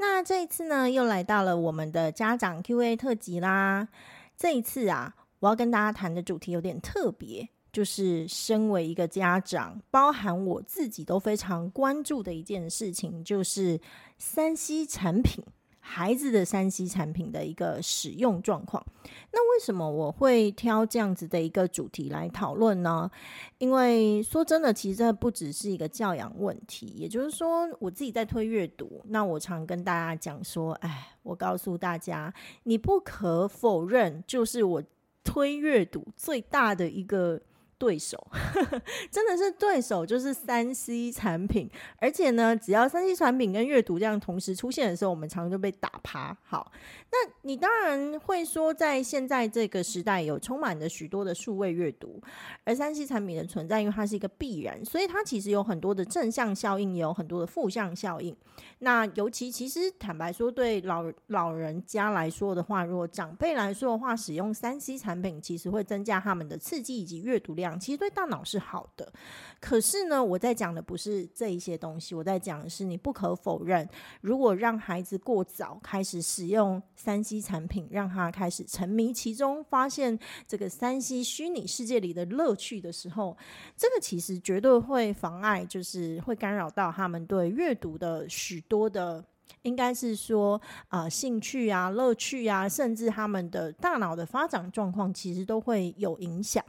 那這一次呢，又來到了我們的家長 Q&A 特集啦。這一次啊，我要跟大家談的主題有點特別，就是身為一個家長，包含我自己都非常關注的一件事情，就是 3C 產品。孩子的 3C 產品的一個使用狀況，那為什麼我會挑這樣子的一個主題來討論呢？因為說真的，其實這不只是一個教養問題，也就是說，我自己在推閱讀，那我常跟大家講說，哎，我告訴大家，你不可否認，就是我推閱讀最大的一個。對手，呵呵，真的是對手，就是三 C 產品。而且呢，只要三 C 產品跟閱讀這樣同時出現的時候，我們常常就被打趴。好，那你當然會說，在現在這個時代，有充滿了許多的數位閱讀，而三 C 產品的存在，因為它是一個必然，所以它其實有很多的正向效應，也有很多的負向效應。那尤其其實坦白說，對老老人家來說的話，如果長輩來說的話，使用三 C 產品，其實會增加他們的刺激以及閱讀量。其實對大腦是好的，可是呢，我在講的不是這一些東西，我在講的是，你不可否認，如果讓孩子過早開始使用三 C 產品，讓他開始沉迷其中，發現這個三 C 虛擬世界裡的樂趣的時候，這個其實絕對會妨礙，就是會干擾到他們對閱讀的許多的。應該是說，啊、呃，興趣啊、樂趣啊，甚至他們的大腦的發展狀況，其實都會有影響。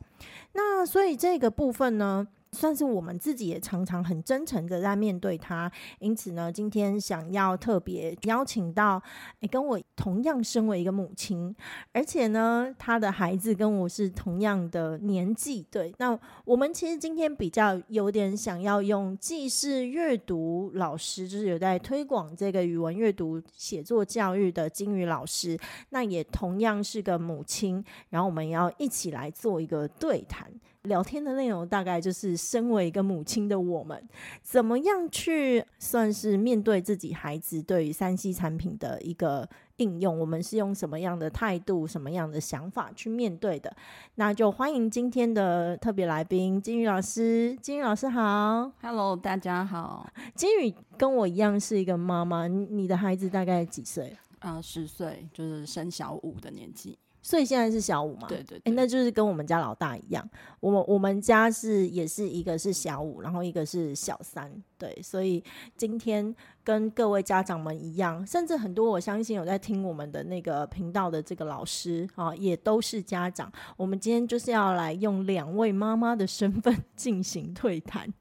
那所以這個部分呢，算是我們自己也常常很真誠的在面對他，因此呢，今天想要特別邀請到，誒，跟我同樣身為一個母親，而且呢，他的孩子跟我是同樣的年紀，對。那我們其實今天比較有點想要用既是閱讀老師，就是有在推廣這個語文閱讀寫作教育的金魚老師，那也同樣是個母親，然後我們要一起來做一個對談。聊天的內容大概就是，身為一個母親的我們，怎麼樣去算是面對自己孩子對於 3C 產品的一個應用？我們是用什麼樣的態度、什麼樣的想法去面對的？那就歡迎今天的特別來賓津羽老師。津羽老師好，Hello，大家好。津羽跟我一樣是一個媽媽，你的孩子大概幾歲？啊，十歲，就是升小五的年紀。所以現在是小五嘛？對，對對，哎、欸，那就是跟我們家老大一樣。我我們家是也是一個是小五，然後一個是小三。對，所以今天跟各位家長們一樣，甚至很多我相信有在聽我們的那個頻道的這個老師啊，也都是家長。我們今天就是要來用兩位媽媽的身份進行對談。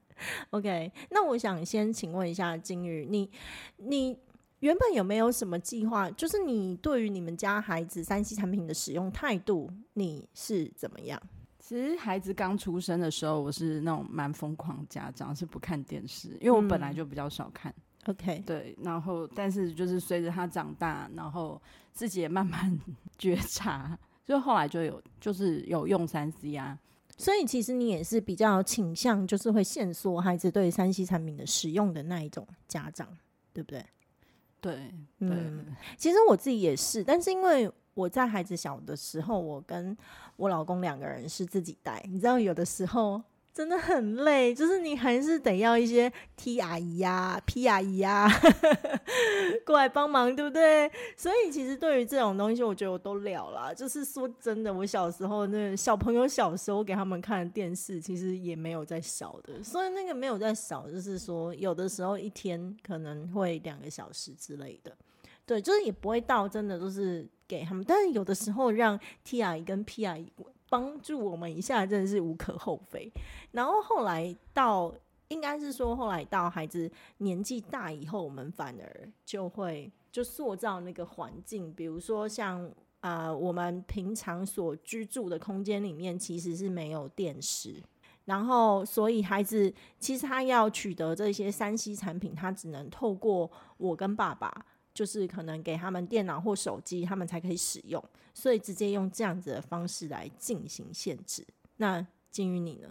OK，那我想先請問一下津羽你你。你原本有沒有什麼計劃？就是你對於你們家孩子三 C 產品的使用態度，你是怎麼樣？其實孩子剛出生的時候，我是那種蠻瘋狂的家長，是不看電視，因為我本來就比較少看。嗯、OK，對。然後，但是就是隨着他長大，然後自己也慢慢覺察，所以後來就有就是有用三 C 啊。所以其實你也是比較傾向就是會限縮孩子對三 C 產品的使用的那一種家長，對不對？對，對，嗯，其實我自己也是，但是因為我在孩子小的時候，我跟我老公兩個人是自己帶，你知道有的時候。真的很累，就是你還是得要一些 T 阿姨啊、P 阿姨啊 過來幫忙，對不對？所以其實對於這種東西，我覺得我都了了。就是說真的，我小時候那小朋友小時候給他們看的電視，其實也沒有在少的，所以那個沒有在少，就是說有的時候一天可能會兩個小時之類的，對，就是也不會到真的，就是給他們。但是有的時候讓 T 阿姨跟 P 阿姨。幫助我們一下，真的是無可厚非。然後後來到，應該是說後來到孩子年紀大以後，我們反而就會就塑造那個環境，比如說像啊、呃，我們平常所居住的空間裡面其實是沒有電視，然後所以孩子其實他要取得這些 3C 產品，他只能透過我跟爸爸。就是可能給他們電腦或手機，他們才可以使用，所以直接用這樣子的方式來進行限制。那津羽你呢？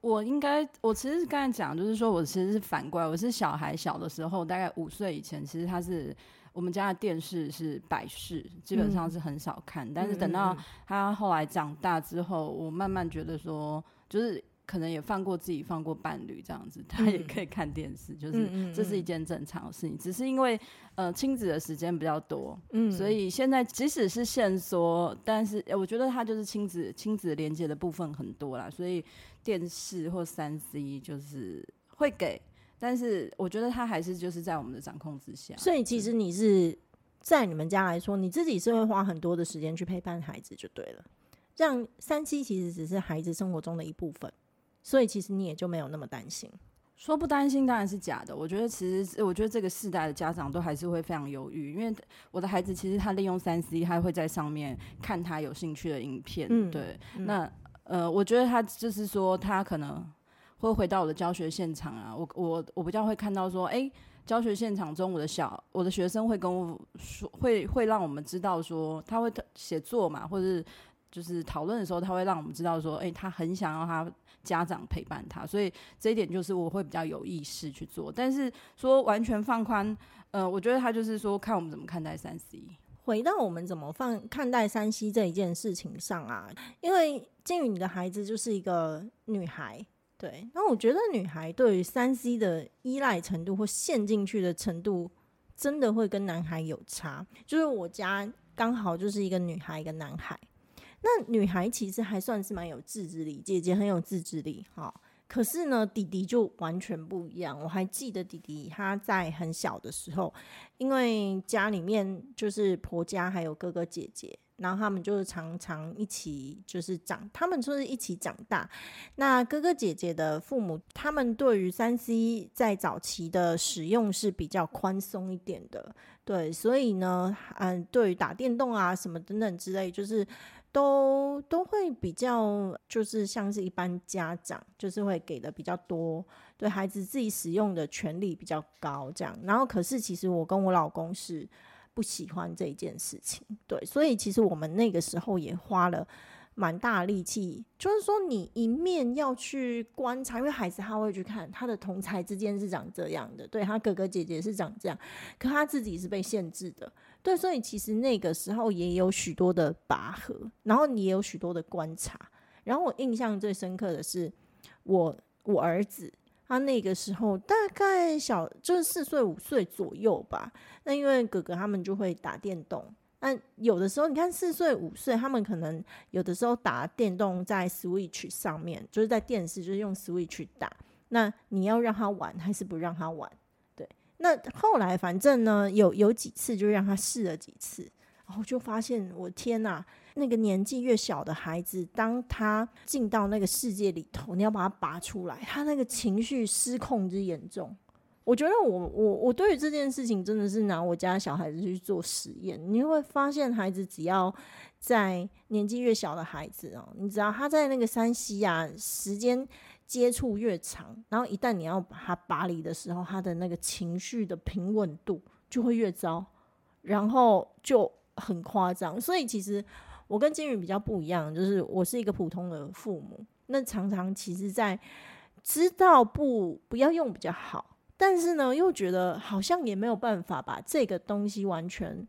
我應該，我其實剛才講就是說，我其實是反過來，我是小孩小的時候，大概五歲以前，其實他是我們家的電視是擺飾，基本上是很少看。嗯。但是等到他後來長大之後，我慢慢覺得說，就是。可能也放過自己，放過伴侶，這樣子他也可以看電視，嗯、就是這是一件正常的事情。嗯嗯嗯，只是因為呃親子的時間比較多，嗯，所以現在即使是限縮，但是、呃、我覺得他就是親子親子連接的部分很多啦，所以電視或三 C 就是會給，但是我覺得他還是就是在我們的掌控之下。所以其實你是在你們家來說，你自己是會花很多的時間去陪伴孩子就對了，這樣三 C 其實只是孩子生活中的一部分。所以其實你也就沒有那麼擔心。說不擔心當然是假的。我覺得其實，我覺得這個世代的家長都還是會非常猶豫，因為我的孩子其實他利用 3C，他會在上面看他有興趣的影片。嗯，對。那呃，我覺得他就是說，他可能會回到我的教學現場啊。我我我比較會看到說，哎，教學現場中，我的小我的學生會跟我說，會會讓我們知道說，他會寫作嘛，或者是。就是討論的時候，他會讓我們知道說，哎、欸，他很想要他家長陪伴他，所以這一點就是我會比較有意識去做。但是說完全放寬，呃，我覺得他就是說看我們怎麼看待三 C。回到我們怎麼放看待三 C 這一件事情上啊，因為津羽你的孩子就是一個女孩，對，那我覺得女孩對於三 C 的依賴程度或陷進去的程度，真的會跟男孩有差。就是我家剛好就是一個女孩，一個男孩。那女孩其實還算是蠻有自制力，姐姐很有自制力，哈、哦，可是呢，弟弟就完全不一樣。我還記得弟弟他在很小的時候，因為家裡面就是婆家還有哥哥姐姐，然後他們就是常常一起就是長，他們就是一起長大。那哥哥姐姐的父母，他們對於三 C 在早期的使用是比較寬鬆一點的，對，所以呢，嗯、呃，對於打電動啊什麼等等之類，就是。都都會比較，就是像是一般家長，就是會給的比較多，對孩子自己使用的權利比較高，這樣。然後，可是其實我跟我老公是不喜歡這件事情，對，所以其實我們那個時候也花了蠻大力氣，就是說你一面要去觀察，因為孩子他會去看他的同儕之間是長這樣的，對他哥哥姐姐是長這樣，可他自己是被限制的。對，所以其實那個時候也有許多的拔河，然後你也有許多的觀察。然後我印象最深刻的是，我我兒子他那個時候大概小就是四歲五歲左右吧。那因為哥哥他們就會打電動，那有的時候你看四歲五歲，他們可能有的時候打電動在 Switch 上面，就是在電視就是用 Switch 打。那你要讓他玩還是不讓他玩？那後來反正呢，有有幾次就是讓他試了幾次，然後就發現我天吶，那個年紀越小的孩子，當他進到那個世界裡頭，你要把他拔出來，他那個情緒失控之嚴重，我覺得我我我對於這件事情真的是拿我家小孩子去做實驗，你會發現孩子只要在年紀越小的孩子哦，你只要他在那個山西啊時間。接觸越長，然後一旦你要把它拔離的時候，他的那個情緒的平穩度就會越糟，然後就很誇張。所以其實我跟津羽比較不一樣，就是我是一個普通的父母，那常常其實，在知道不不要用比較好，但是呢，又覺得好像也沒有辦法把這個東西完全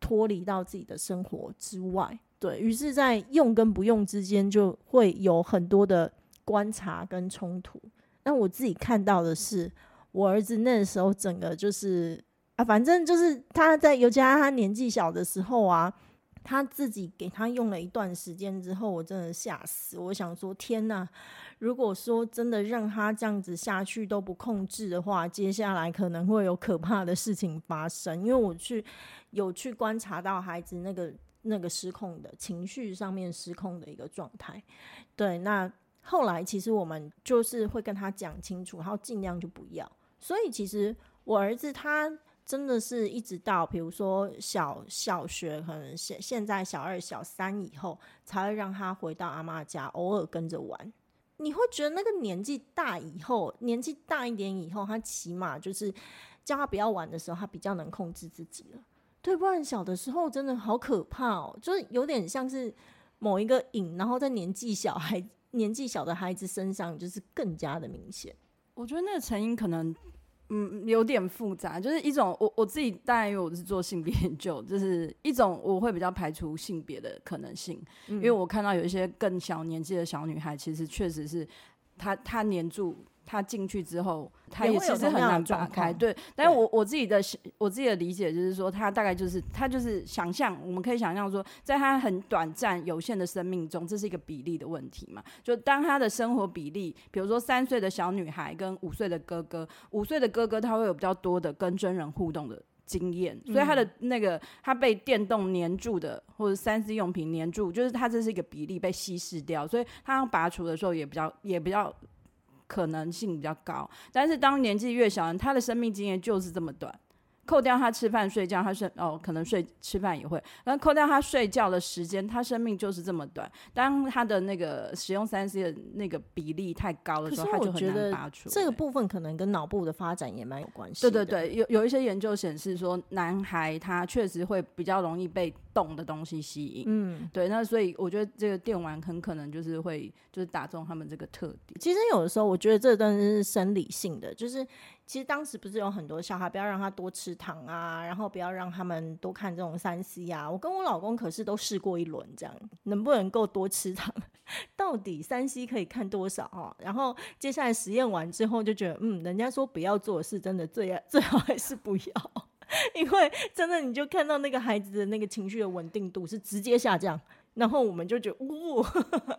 脫離到自己的生活之外。對，於是在用跟不用之間，就會有很多的。觀察跟衝突，那我自己看到的是，我兒子那時候整個就是啊，反正就是他在尤加他，他年紀小的時候啊，他自己給他用了一段時間之後，我真的嚇死，我想說天哪！如果說真的讓他這樣子下去都不控制的話，接下來可能會有可怕的事情發生，因為我去有去觀察到孩子那個那個失控的情緒上面失控的一個狀態，對，那。後來其實我們就是會跟他講清楚，然後盡量就不要。所以其實我兒子他真的是一直到，比如說小小學，可能現現在小二、小三以後，才會讓他回到阿嬤家，偶爾跟着玩。你會覺得那個年紀大以後，年紀大一點以後，他起碼就是叫他不要玩的時候，他比較能控制自己了。對，不然小的時候真的好可怕哦，就是有點像是某一個癮，然後在年紀小還。年紀小的孩子身上就是更加的明顯。我覺得那個成因可能，嗯，有點複雜。就是一種，我我自己，當然因為我是做性別研究，就是一種我會比較排除性別的可能性，因為我看到有一些更小年紀的小女孩，其實確實是她她黏住。他進去之後，他也其實很難拔開。對，但我我自己的我自己的理解就是說，他大概就是他就是想象，我們可以想象說，在他很短暫有限的生命中，這是一個比例的問題嘛。就當他的生活比例，比如說三歲的小女孩跟五歲的哥哥，五歲的哥哥他會有比較多的跟真人互動的經驗，所以他的那個他被電動粘住的或者 3C 用品粘住，就是他這是一個比例被稀釋掉，所以他要拔除的時候也比較也比較。可能性比較高，但是當年紀越小人，人他的生命經驗就是這麼短。扣掉他吃飯睡覺他，他哦，可能睡吃飯也會。那扣掉他睡覺的時間，他生命就是這麼短。當他的那個使用三 C 的那個比例太高了的時候，所以我覺得這個部分可能跟腦部的發展也蠻有關係的。對對對，有有一些研究顯示說，男孩，他確實會比較容易被動的東西吸引。嗯，對。那所以我覺得這個電玩很可能就是會就是打中他們這個特點。其實有的時候，我覺得這真的是生理性的，就是。其實當時不是有很多小孩，不要讓他多吃糖啊，然後不要讓他們多看這種 3C 啊。我跟我老公可是都試過一輪，這樣能不能夠多吃糖，到底 3C 可以看多少啊？然後接下來實驗完之後就覺得，嗯，人家說不要做的事，真的最最好還是不要，因為真的你就看到那個孩子的那個情緒的穩定度是直接下降。然後我們就覺得，嗚、哦，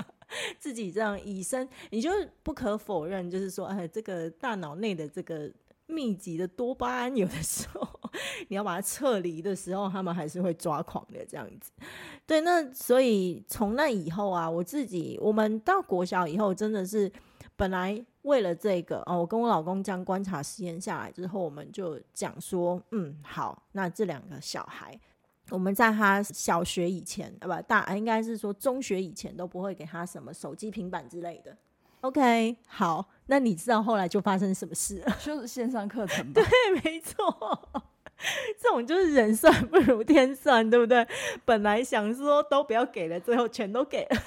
自己這樣以身，你就不可否認，就是說，哎，這個大腦內的這個密集的多巴胺，有的時候你要把它撤離的時候，他們還是會抓狂的，這樣子。對，那所以從那以後啊，我自己，我們到國小以後，真的是本來為了這個哦、啊，我跟我老公這樣觀察實驗下來之後，我們就講說，嗯，好，那這兩個小孩。我們在他小學以前，啊不大，應該是說中學以前都不會給他什麼手機、平板之類的。OK，好，那你知道後來就發生什麼事了？就是線上課程吧。對，沒錯， 這種就是人算不如天算，對不對？本來想說都不要給了，最後全都給了。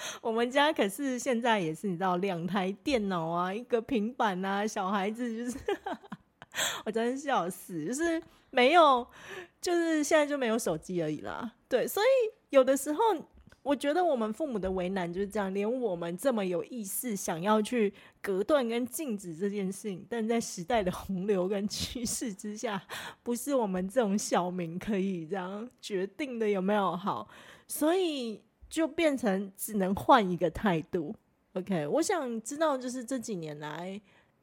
我們家可是現在也是，你知道，兩台電腦啊，一個平板啊，小孩子就是， 我真笑死，就是。沒有，就是現在就沒有手機而已啦。對，所以有的時候我覺得我們父母的為難就是這樣，連我們這麼有意識想要去隔斷跟禁止這件事情，但在時代的洪流跟趨勢之下，不是我們這種小民可以這樣決定的，有沒有？好，所以就變成只能換一個態度。OK，我想知道就是這幾年來，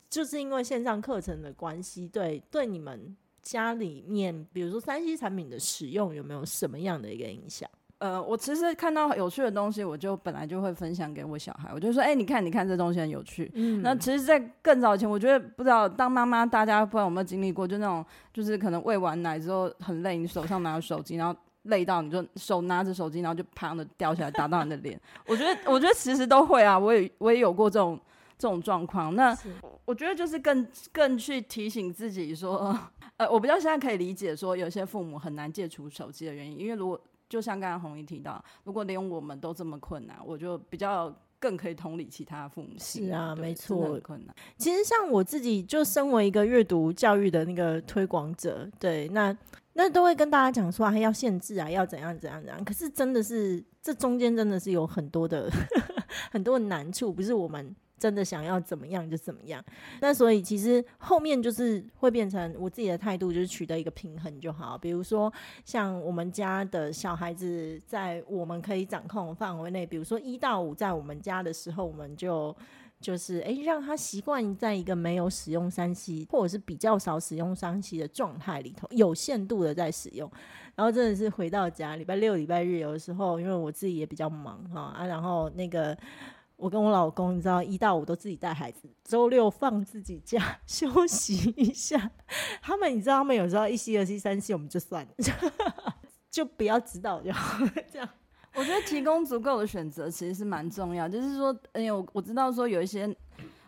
就是因為線上課程的關係，對對你們。家裡面，比如說 3C 產品的使用有沒有什麼樣的一個影響？呃，我其實看到有趣的東西，我就本來就會分享給我小孩，我就說：“哎、欸，你看，你看這東西很有趣。嗯”那其實，在更早以前，我覺得不知道當媽媽大家不知道有沒有經歷過，就那種就是可能餵完奶之後很累，你手上拿着手機， 然後累到你就手拿着手機，然後就啪的掉下來打到你的臉。 我覺得，我覺得其實都會啊，我也我也有過這種這種狀況。那是我覺得就是更更去提醒自己說，嗯呃，我比較現在可以理解說，有些父母很難戒除手機的原因，因為如果就像剛剛紅姨提到，如果連我們都這麼困難，我就比較更可以同理其他父母他。是啊，對沒錯錯，困難。其實像我自己，就身為一個閱讀教育的那個推廣者，對，那那都會跟大家講說，還要限制啊，要怎樣怎樣怎樣。可是真的是，這中間真的是有很多的 很多難處，不是我們。真的想要怎麼樣就怎麼樣，那所以其實後面就是會變成我自己的態度，就是取得一個平衡就好。比如說像我們家的小孩子，在我們可以掌控的範圍內，比如說一到五，在我們家的時候，我們就就是誒、欸，讓他習慣在一個沒有使用 3C 或者是比較少使用 3C 的狀態裡頭，有限度的在使用。然後真的是回到家，禮拜六、禮拜日，有的時候因為我自己也比較忙哈啊，然後那個。我跟我老公，你知道，一到五都自己帶孩子，周六放自己假，休息一下。嗯、 他們，你知道，他們有時候一氣、二氣、三氣，我們就算了， 就不要指導就 這樣，我覺得提供足夠的選擇其實是蠻重要。 就是說，哎、嗯、呦，我知道說有一些，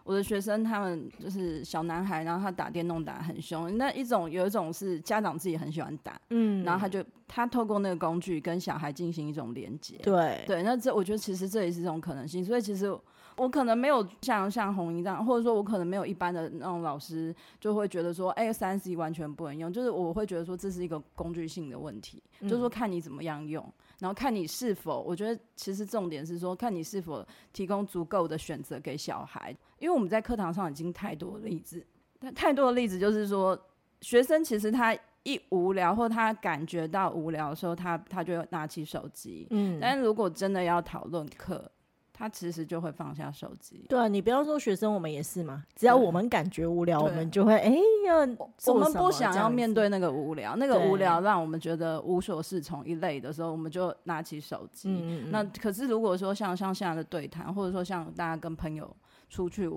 我的學生他們就是小男孩，然後他打電動打得很凶。那一種有一種是家長自己很喜歡打，嗯，然後他就他透過那個工具跟小孩進行一種連接，對對。那這我覺得其實這也是一種可能性。所以其實我可能沒有像像紅一這樣，或者說我可能沒有一般的那種老師就會覺得說，哎、欸，3C 完全不能用，就是我會覺得說這是一個工具性的問題，嗯、就是說看你怎麼樣用。然後看你是否，我覺得其實重點是說，看你是否提供足夠的選擇給小孩，因為我們在課堂上已經太多例子，太多的例子就是說，學生其實他一無聊或他感覺到無聊的時候，他他就拿起手機，嗯，但是如果真的要討論課。他其實就會放下手機。對啊，你不要說學生，我們也是嘛。只要我們感覺無聊，啊、我們就會哎呀，麼我們不想要面對那個無聊，那個無聊讓我們覺得無所適從一類的時候，對我們就拿起手機。嗯嗯，那可是如果說像像現在的對談，或者說像大家跟朋友出去。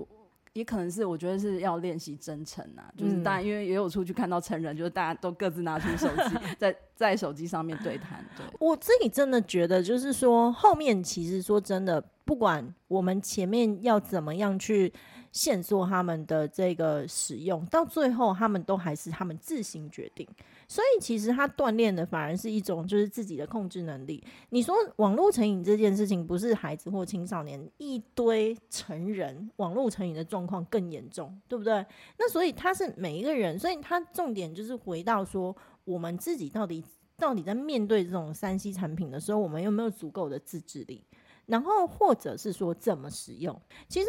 也可能是，我覺得是要練習真誠啊，就是當然，因為也有出去看到成人，就是大家都各自拿出手機，在 在手機上面對談。對我自己真的覺得，就是說後面其實說真的，不管我們前面要怎麼樣去限縮他們的這個使用，到最後他們都還是他們自行決定。所以其實他鍛鍊的反而是一種就是自己的控制能力。你說網絡成癮這件事情不是孩子或青少年，一堆成人網絡成癮的狀況更嚴重，對不對？那所以他是每一個人，所以他重點就是回到說，我們自己到底到底在面對這種 3C 產品的時候，我們有沒有足夠的自制力？然後或者是說怎麼使用？其實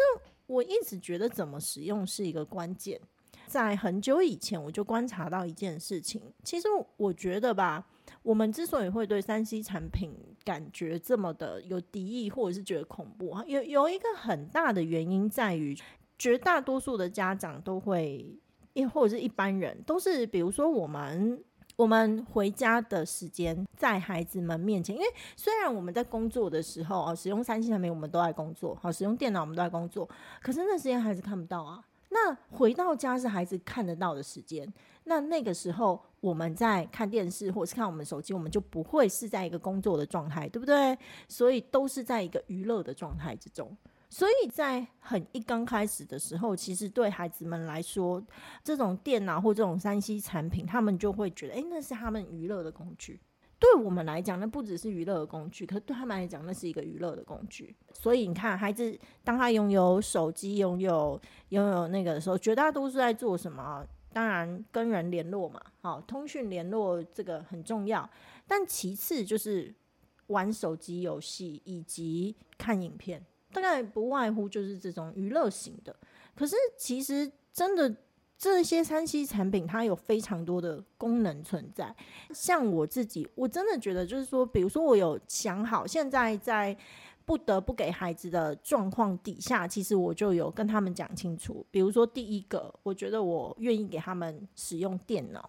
我一直覺得怎麼使用是一個關鍵。在很久以前，我就觀察到一件事情。其實我覺得吧，我們之所以會對三 C 產品感覺這麼的有敵意，或者是覺得恐怖啊，有有一個很大的原因在於，絕大多數的家長都會，也或者是一般人都是，比如說我們我們回家的時間，在孩子們面前，因為雖然我們在工作的時候啊，使用三 C 產品，我們都在工作，好，使用電腦我們都在工作，可是那時間孩子看不到啊。那回到家是孩子看得到的時間，那那個時候我們在看電視或是看我們手機，我們就不會是在一個工作的狀態，對不對？所以都是在一個娛樂的狀態之中。所以在很一剛開始的時候，其實對孩子們來說，這種電腦或這種 3C 產品，他們就會覺得，哎、欸，那是他們娛樂的工具。對我們來講，那不只是娛樂的工具，可是對他們來講，那是一個娛樂的工具。所以你看，孩子當他擁有手機、擁有擁有那個的時候，絕大多數在做什麼？當然，跟人聯絡嘛，好、哦，通訊聯絡這個很重要。但其次就是玩手機遊戲以及看影片，大概不外乎就是這種娛樂型的。可是其實真的。這些 3C 產品，它有非常多的功能存在。像我自己，我真的覺得，就是說，比如說，我有想好，現在在不得不給孩子的狀況底下，其實我就有跟他們講清楚。比如說，第一個，我覺得我願意給他們使用電腦，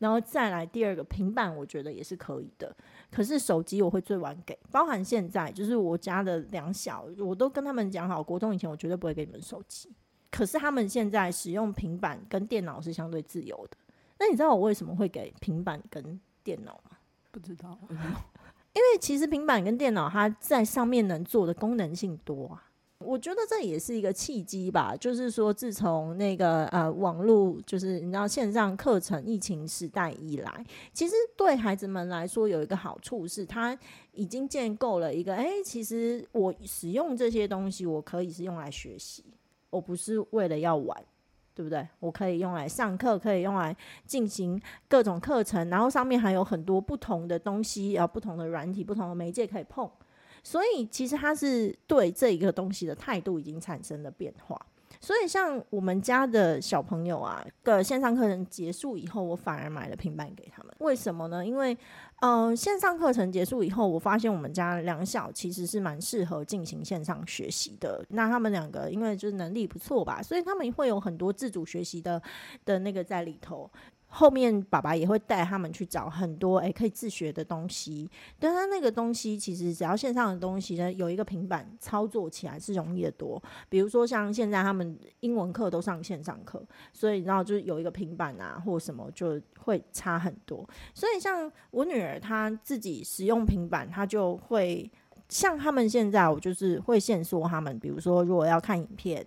然後再來第二個平板，我覺得也是可以的。可是手機我會最晚給，包含現在，就是我家的兩小，我都跟他們講好，國中以前我絕對不會給你們手機。可是他們現在使用平板跟電腦是相對自由的。那你知道我為什麼會給平板跟電腦嗎？不知道， 因為其實平板跟電腦它在上面能做的功能性多啊。我覺得這也是一個契機吧。就是說，自從那個呃網絡，就是你知道線上課程疫情時代以來，其實對孩子們來說有一個好處是，他已經建構了一個，哎、欸，其實我使用這些東西，我可以是用來學習。我不是為了要玩，對不對？我可以用來上課，可以用來進行各種課程，然後上面還有很多不同的東西，啊，不同的軟體、不同的媒介可以碰，所以其實它是對這一個東西的態度已經產生了變化。所以，像我們家的小朋友啊，個線上課程結束以後，我反而買了平板給他們。為什麼呢？因為，嗯、呃，線上課程結束以後，我發現我們家兩小其實是蠻適合進行線上學習的。那他們兩個，因為就是能力不錯吧，所以他們會有很多自主學習的的那個在裡頭。後面爸爸也會帶他們去找很多，欸、可以自學的東西，但他那個東西其實只要線上的東西呢，有一個平板操作起來是容易得多。比如說像現在他們英文課都上線上課，所以然後就有一個平板啊或什麼就會差很多。所以像我女兒她自己使用平板，她就會像他們現在我就是會限縮他們，比如說如果要看影片，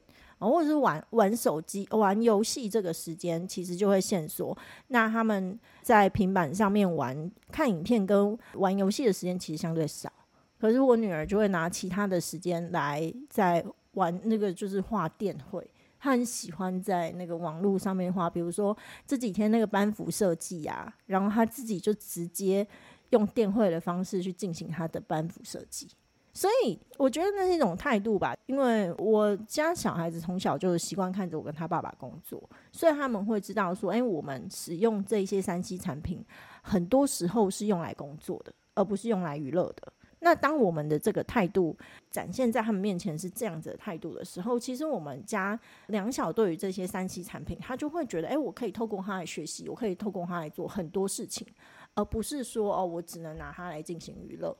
或者是玩玩手機、玩遊戲這個時間，其實就會限縮。那他們在平板上面玩、看影片跟玩遊戲的時間，其實相對少。可是我女兒就會拿其他的時間來在玩那個，就是畫電繪。她很喜歡在那個網絡上面畫，比如說這幾天那個班服設計啊，然後她自己就直接用電繪的方式去進行她的班服設計。所以我覺得那是一種態度吧，因為我家小孩子從小就習慣看着我跟他爸爸工作，所以他們會知道說，哎、欸，我們使用這些 3C 產品，很多時候是用來工作的，而不是用來娛樂的。那當我們的這個態度展現在他們面前是這樣子的態度的時候，其實我們家兩小對於這些 3C 產品，他就會覺得，哎、欸，我可以透過他來學習，我可以透過他來做很多事情，而不是說，哦，我只能拿它來進行娛樂。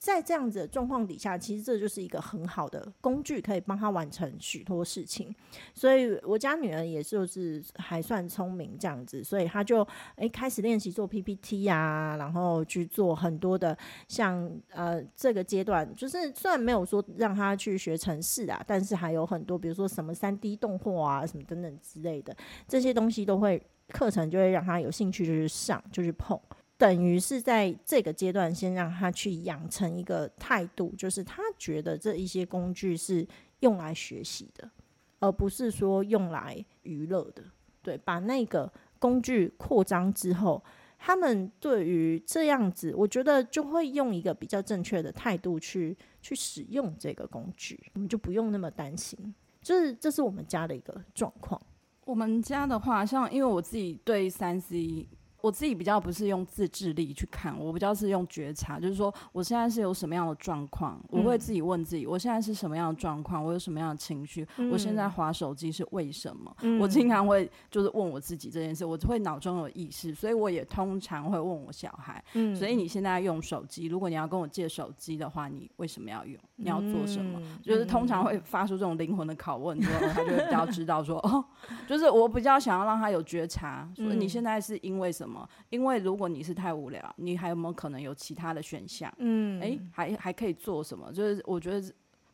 在這樣子的狀況底下，其實這就是一個很好的工具，可以幫他完成許多事情。所以我家女兒也就是還算聰明，這樣子，所以他就誒、欸、開始練習做 PPT 啊，然後去做很多的像呃這個階段，就是雖然沒有說讓他去學程式啊，但是還有很多比如說什麼三 D 動畫啊，什麼等等之類的這些東西，都會課程就會讓他有興趣，就是上就是碰。等於是在這個階段，先讓他去養成一個態度，就是他覺得這一些工具是用來學習的，而不是說用來娛樂的。對，把那個工具擴張之後，他們對於這樣子，我覺得就會用一個比較正確的態度去去使用這個工具，我們就不用那麼擔心。這是這是我們家的一個狀況。我們家的話，像因為我自己對 3C。我自己比較不是用自制力去看，我比較是用覺察，就是說我現在是有什麼樣的狀況，嗯、我會自己問自己，我現在是什麼樣的狀況，我有什麼樣的情緒，嗯、我現在滑手機是為什麼？嗯、我經常會就是問我自己這件事，我會腦中有意識，所以我也通常會問我小孩。嗯、所以你現在用手機，如果你要跟我借手機的話，你為什麼要用？你要做什麼？嗯、就是通常會發出這種靈魂的拷問之後，嗯、他就會比較知道說， 哦，就是我比較想要讓他有覺察，說、嗯、你現在是因為什麼？因為如果你是太無聊，你還有沒有可能有其他的選項？嗯，哎、欸，還還可以做什麼？就是我覺得。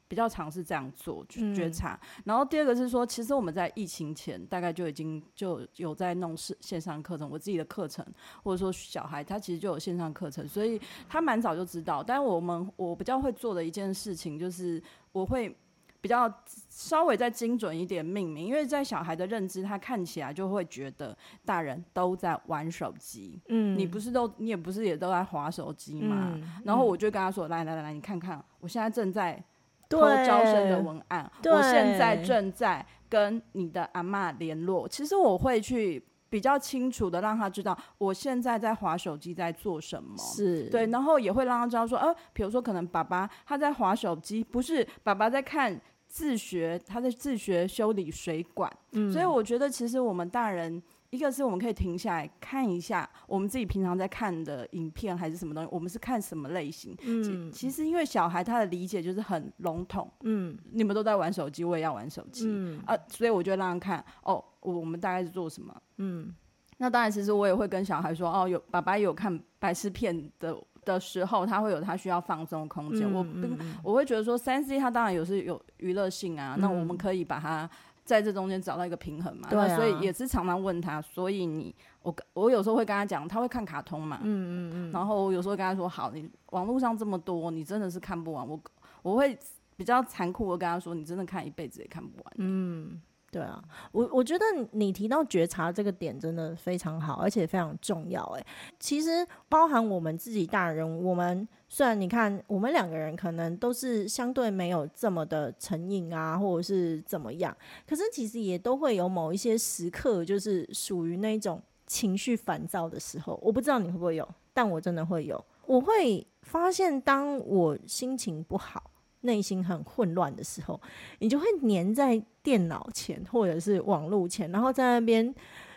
比較嘗試這樣做，嗯、覺察。然後第二個是說，其實我們在疫情前大概就已經就有在弄是線上課程，我自己的課程，或者說小孩他其實就有線上課程，所以他蠻早就知道。但我們我比較會做的一件事情就是，我會比較稍微再精準一點命名，因為在小孩的認知，他看起來就會覺得大人都在玩手機，嗯，你不是都你也不是也都在滑手機嘛，嗯、然後我就跟他說，嗯、來來來來，你看看，我現在正在。托招生的文案，對我現在正在跟你的阿媽聯絡。其實我會去比較清楚地讓他知道，我現在在滑手機在做什麼，是對，然後也會讓他知道說，呃，比如說可能爸爸他在滑手機，不是爸爸在看自學，他在自學修理水管。嗯，所以我覺得其實我們大人。一個是我們可以停下來看一下，我們自己平常在看的影片還是什麼東西，我們是看什麼類型？嗯、其，其實因為小孩他的理解就是很籠統。嗯，你們都在玩手機，我也要玩手機。嗯啊，所以我就會讓他看。哦我，我們大概是做什麼？嗯，那當然，其實我也會跟小孩說，哦，有爸爸有看白癡片的的時候，他會有他需要放鬆的空間。嗯嗯、我跟，我會覺得說三 C，他當然有是有娛樂性啊，嗯、那我們可以把它。在這中間找到一個平衡嘛，對啊。那所以也是常常問他，所以你，我我有時候會跟他講，他會看卡通嘛，嗯嗯嗯，然後有時候跟他說，好，你網絡上這麼多，你真的是看不完，我我會比較殘酷的跟他說，你真的看一輩子也看不完，嗯。對啊，我我覺得你提到覺察這個點真的非常好，而且非常重要欸。誒，其實包含我們自己大人，我們雖然你看我們兩個人可能都是相對沒有這麼的成癮啊，或者是怎麼樣，可是其實也都會有某一些時刻，就是屬於那種情緒煩躁的時候。我不知道你會不會有，但我真的會有，我會發現當我心情不好。內心很混亂的時候，你就會黏在電腦前或者是網絡前，然後在那邊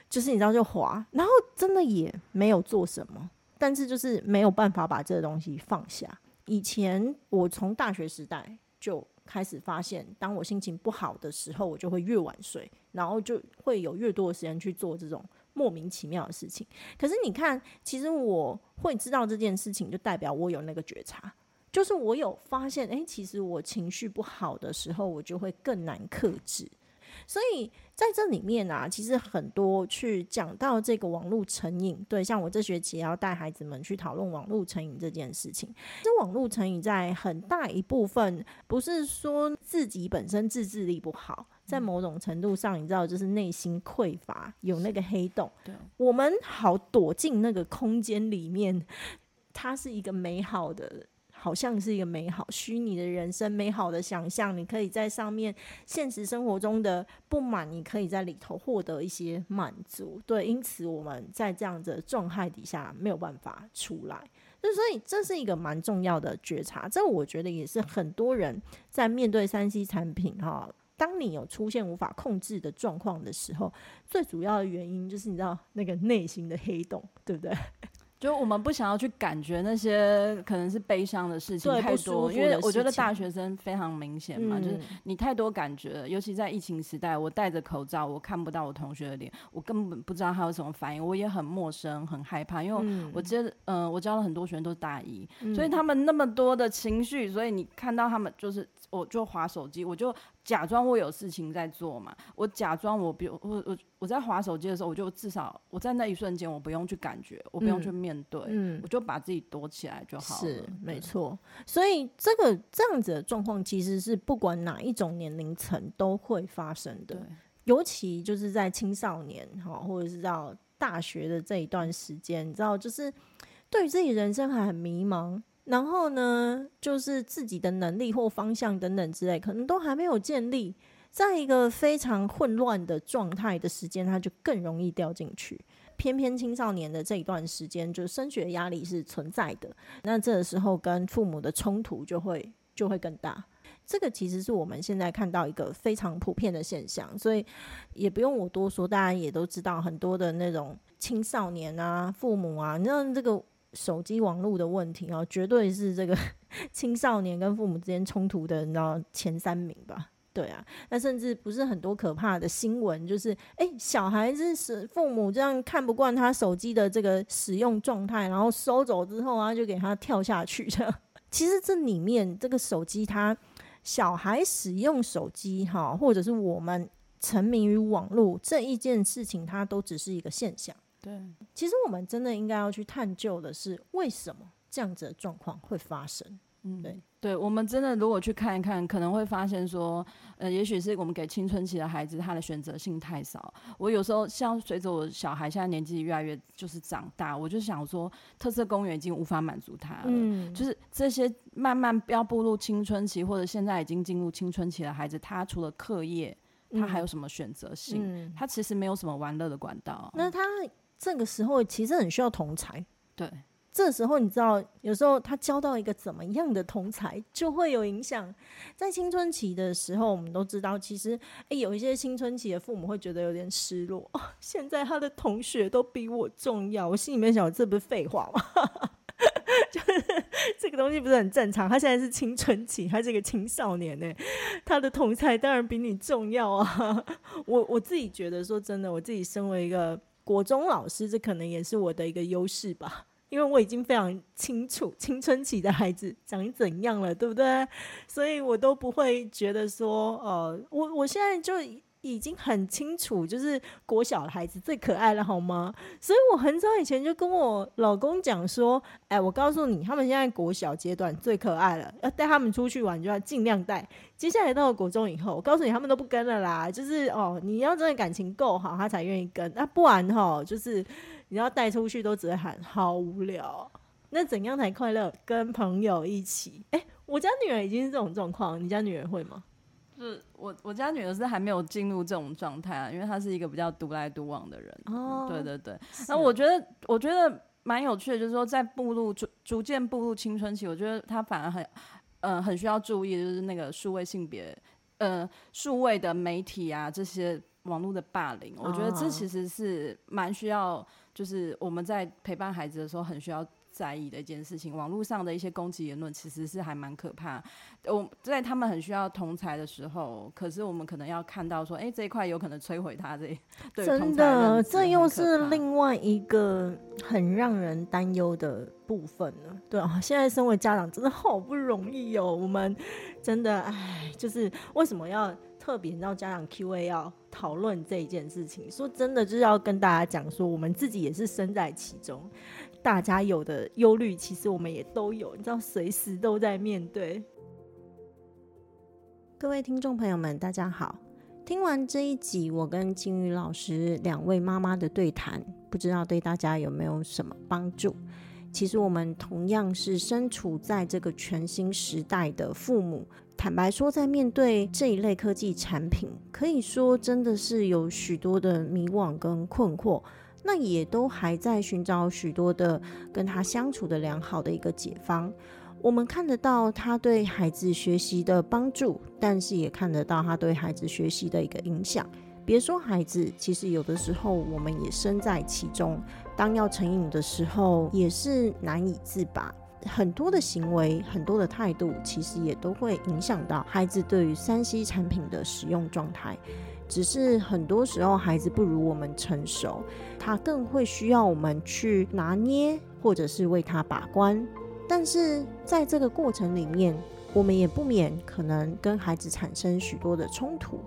就是你知道就滑，然後真的也沒有做什麼，但是就是沒有辦法把這個東西放下。以前我從大學時代就開始發現，當我心情不好的時候，我就會越晚睡，然後就會有越多的時間去做這種莫名其妙的事情。可是你看，其實我會知道這件事情，就代表我有那個覺察。就是我有發現，誒、欸，其實我情緒不好的時候，我就會更難克制。所以在這裡面啊，其實很多去講到這個網絡成癮，對，像我這學期也要帶孩子們去討論網絡成癮這件事情。這網絡成癮在很大一部分不是說自己本身自制力不好，在某種程度上，你知道，就是內心匱乏，有那個黑洞。對，我們好躲進那個空間裡面，它是一個美好的。好像是一個美好虛擬的人生，美好的想象，你可以在上面現實生活中的不滿，你可以在裡頭獲得一些滿足。對，因此我們在這樣的狀態底下沒有辦法出來，就所以這是一個蠻重要的覺察。這我覺得也是很多人在面對三 C 產品哈，當你有出現無法控制的狀況的時候，最主要的原因就是你知道那個內心的黑洞，對不對？就我們不想要去感覺那些可能是悲傷的、的事情太多。因為我覺得大學生非常明顯嘛，嗯、就是你太多感覺了。尤其在疫情時代，我戴着口罩，我看不到我同學的臉，我根本不知道他有什麼反應。我也很陌生，很害怕，因為我接嗯，呃、我教了很多學生都是大一，所以他們那麼多的情緒，所以你看到他們就是，我就滑手機，我就。假裝我有事情在做嘛，我假裝我，比如我我我在滑手機的時候，我就至少我在那一瞬間，我不用去感覺，嗯、我不用去面對，嗯、我就把自己躲起來就好了。是，對沒錯。所以這個這樣子的狀況，其實是不管哪一種年齡層都會發生的，對尤其就是在青少年哈，或者是到大學的這一段時間，你知道，就是對於自己人生還很迷茫。然後呢，就是自己的能力或方向等等之類，可能都還沒有建立，在一個非常混亂的狀態的時間，它就更容易掉進去。偏偏青少年的這一段時間，就升學壓力是存在的，那這個時候跟父母的衝突就會就會更大。這個其實是我們現在看到一個非常普遍的現象，所以也不用我多說，大家也都知道很多的那種青少年啊，父母啊，那這個。手機網絡的問題啊，絕對是這個青少年跟父母之間衝突的，你知道前三名吧？對啊，那甚至不是很多可怕的新聞，就是哎，小孩子是父母這樣看不慣他手機的這個使用狀態，然後收走之後啊，就給他跳下去了。其實這裡面這個手機它，他小孩使用手機哈、哦，或者是我們沉迷於網絡這一件事情，它都只是一個現象。對，其實我們真的應該要去探究的是，為什麼這樣子的狀況會發生？嗯，對，對，我們真的如果去看一看，可能會發現說，呃，也許是我們給青春期的孩子他的選擇性太少。我有時候像隨着我小孩現在年紀越來越就是長大，我就想說，特色公園已經無法滿足他了。嗯，就是這些慢慢要步入青春期，或者現在已經進入青春期的孩子，他除了課業，他還有什麼選擇性？嗯，他其實沒有什麼玩樂的管道。那他。這個時候其實很需要同儕。對，這時候你知道，有時候他交到一個怎麼樣的同儕，就會有影響。在青春期的時候，我們都知道，其實哎，有一些青春期的父母會覺得有點失落，哦。現在他的同學都比我重要，我心裡面想，這不是廢話嗎？ 就是這個東西不是很正常？他現在是青春期，他是一個青少年呢，他的同儕當然比你重要啊。 我我自己覺得，說真的，我自己身為一個。國中老師，這可能也是我的一個優勢吧，因為我已經非常清楚青春期的孩子長怎樣了，對不對？所以我都不會覺得說，呃，我我現在就。已經很清楚，就是國小的孩子最可愛了，好嗎？所以我很早以前就跟我老公講說：“哎，我告訴你，他們現在國小階段最可愛了，要帶他們出去玩就要盡量帶。接下來到了國中以後，我告訴你，他們都不跟了啦。就是哦，你要真的感情夠好，他才願意跟啊，那不然吼，就是你要帶出去都只會喊好無聊。那怎樣才快樂？跟朋友一起。哎，我家女兒已經是這種狀況，你家女兒會嗎？”是我我家女兒是還沒有進入這種狀態啊，因為她是一個比較獨來獨往的人，哦嗯。對對對。是那我覺得，我覺得蠻有趣的，就是說在步入逐逐漸步入青春期，我覺得她反而很，嗯、呃，很需要注意，就是那個數位性別，呃，數位的媒體啊，這些網絡的霸凌，我覺得這其實是蠻需要，就是我們在陪伴孩子的時候很需要。在意的一件事情，網絡上的一些攻擊言論其實是還蠻可怕的。我在他們很需要同儕的時候，可是我們可能要看到說，哎、欸，這一塊有可能摧毀他這。這真的，這又是另外一個很讓人擔憂的部分呢。對、啊，現在身為家長真的好不容易喲、哦，我們真的哎，就是為什麼要特別讓家長 Q&A 要討論這一件事情？說真的，就是要跟大家講說，我們自己也是身在其中。大家有的憂慮，其實我們也都有，你知道，隨時都在面對。各位聽眾朋友們，大家好！聽完這一集我跟津羽老師兩位媽媽的對談，不知道對大家有沒有什麼幫助？其實我們同樣是身處在這個全新時代的父母，坦白說，在面對這一類科技產品，可以說真的是有許多的迷惘跟困惑。那也都還在尋找許多的跟他相處的良好的一個解方。我們看得到他對孩子學習的幫助，但是也看得到他對孩子學習的一個影響。別說孩子，其實有的時候我們也身在其中。當要成癮的時候，也是難以自拔。很多的行為，很多的態度，其實也都會影響到孩子對於 3C 產品的使用狀態。只是很多時候，孩子不如我們成熟，他更會需要我們去拿捏，或者是為他把關。但是在這個過程裡面，我們也不免可能跟孩子產生許多的衝突。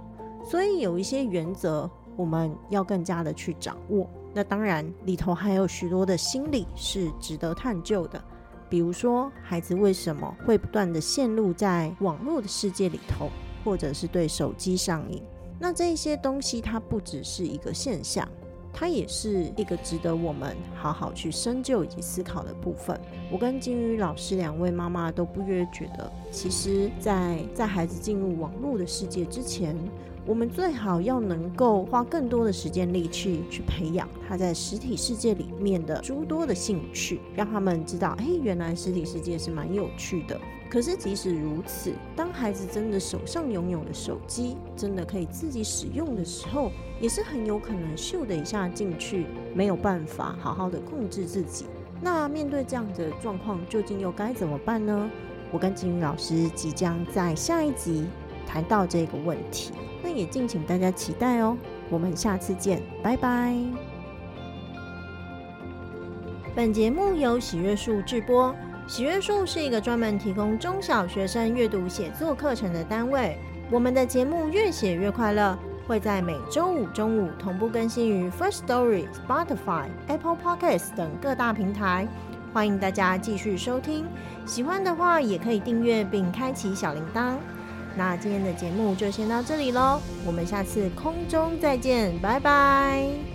所以有一些原則，我們要更加的去掌握。那當然，裡頭還有許多的心理是值得探究的，比如說，孩子為什麼會不斷的陷入在網絡的世界裡頭，或者是對手機上癮。那這些東西，它不只是一個現象，它也是一個值得我們好好去深究以及思考的部分。我跟津羽老師兩位媽媽都不約而同地覺得，其實在，在在孩子進入網絡的世界之前。我們最好要能夠花更多的時間力氣去培養他在實體世界裡面的諸多的興趣，讓他們知道，誒，原來實體世界是蠻有趣的。可是即使如此，當孩子真的手上擁有了手機真的可以自己使用的時候，也是很有可能咻的一下進去，沒有辦法好好的控制自己。那面對這樣的狀況，究竟又該怎麼辦呢？我跟津羽老師即將在下一集。談到這個問題，那也敬請大家期待哦、喔。我們下次見，拜拜。本節目由喜閱樹製播。喜閱樹是一個專門提供中小學生閱讀寫作課程的單位。我們的節目越寫越快樂，會在每週五中午同步更新於 First Story、Spotify、Apple Podcasts 等各大平台。歡迎大家繼續收聽，喜歡的話也可以訂閱並開啟小鈴鐺。那今天的節目就先到這裡嘍，我們下次空中再見，拜拜。